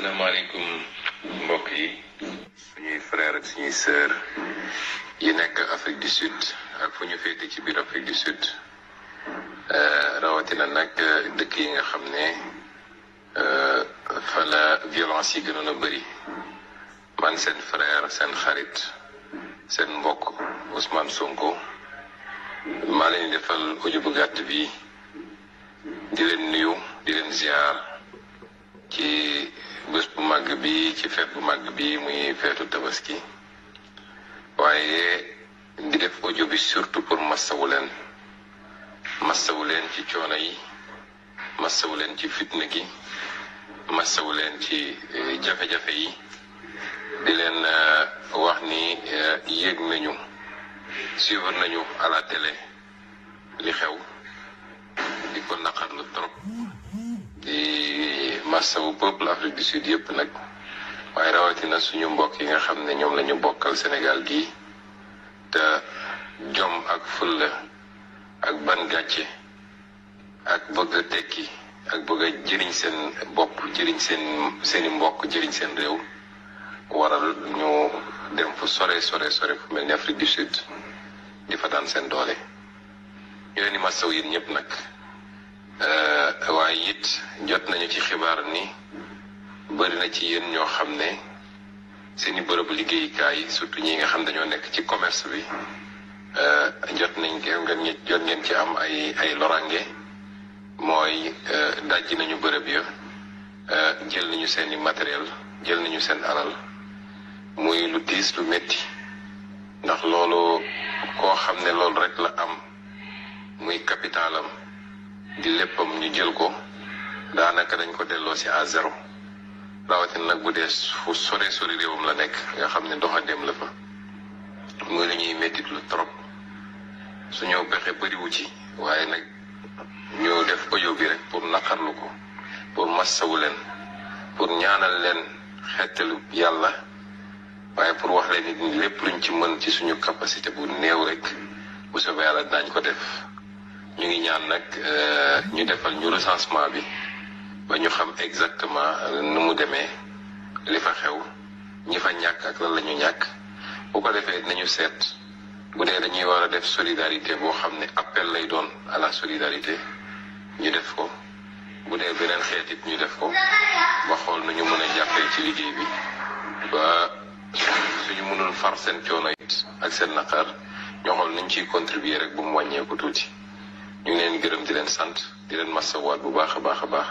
asalaamaaleykum mbokk yi suñuy frère ak suñuy sœur yi nekk Afrique du Sud ak fu ñu féete ci biir Afrique du Sud euh, rawatina nag euh, dëkk yi nga xam ne euh, fa la violence yi gënoon a bëri man seen frère seen xarit seen mbokk Ousmane Sonko maa leen defal audio bu gàtt bi di leen nuyu di leen ziar ci bés bu màgg bi ci feet bu màgg bi muy feetu tabaski waaye di def audio bi surtout pour massawu leen massawu leen ci coono yi massawu leen ci fitna gi massawu leen ci eh, jafe-jafe yi di leen eh, wax ni eh, yéeg nañu suivre nañu à télé li xew di ko naqarlu trop massawu peuple Afrique du Sud yëpp nag waaye rawatina suñu mbokk yi nga xam ne ñoom lañu ñu bokkal Sénégal gii te jom ak fulla ak ban gàcce ak bëgg tekki ak bëgg a jëriñ seen bopp jëriñ seen seeni mbokk jëriñ seen réew waral ñu dem fu sore sore sore fu mel ni Afrique du Sud di fa seen doole ñu leen di massaw yéen ñëpp nag Euh, waaye it jot nañu ci xibaar ni bëri na ci yéen ñoo xam ne seeni bërëbu liggéeyukaay yi surtout ñi nga xam dañoo nekk ci commerce bi euh, jot nañ ngeen jot ngeen ci am ay ay lorange mooy euh, dajji nañu bërëb ya jël nañu seeni matériel jël nañu seen alal muy lu diis lu métti ndax loolu koo xam ne loolu rek la am muy capitalam di léppam ñu jël ko daanaka dañ ko delloo si à zéro rawatina nag bu dee fu sore sori réewam la nekk nga xam ne doxandeem la fa muy lu ñuy méttit lu trop suñu pexe bëriwu ci waaye nag ñu def audio bi rek pour naqarlu ko pour massawu leen pour ñaanal leen xettalu yàlla waaye pour wax leen ni lépp luñ ci mën ci suñu capacité bu néew rek bu soobee yàlla daañ ko def ñu ngi ñaan nag euh, ñu defal ñu recensement bi ba ñu xam exactement euh, nu mu demee li fa xew ñi fa ñàkk ak lan la ñu ñàkk boo ko defee nañu seet bu dee dañuy war a def solidarité boo xam ne appel lay doon à la solidarité ñu def ko bu dee beneen xeet it ñu def ko ba xool nu ñu mën a jàppee ci liggéey bi ba suñu mënul far seen coono it ak seen naqar ñoo xool nuñ ciy contribuer rek bu mu wàññeeku tuuti. ñu leen gërëm di leen sant di leen masawaat bu baax a baax a baax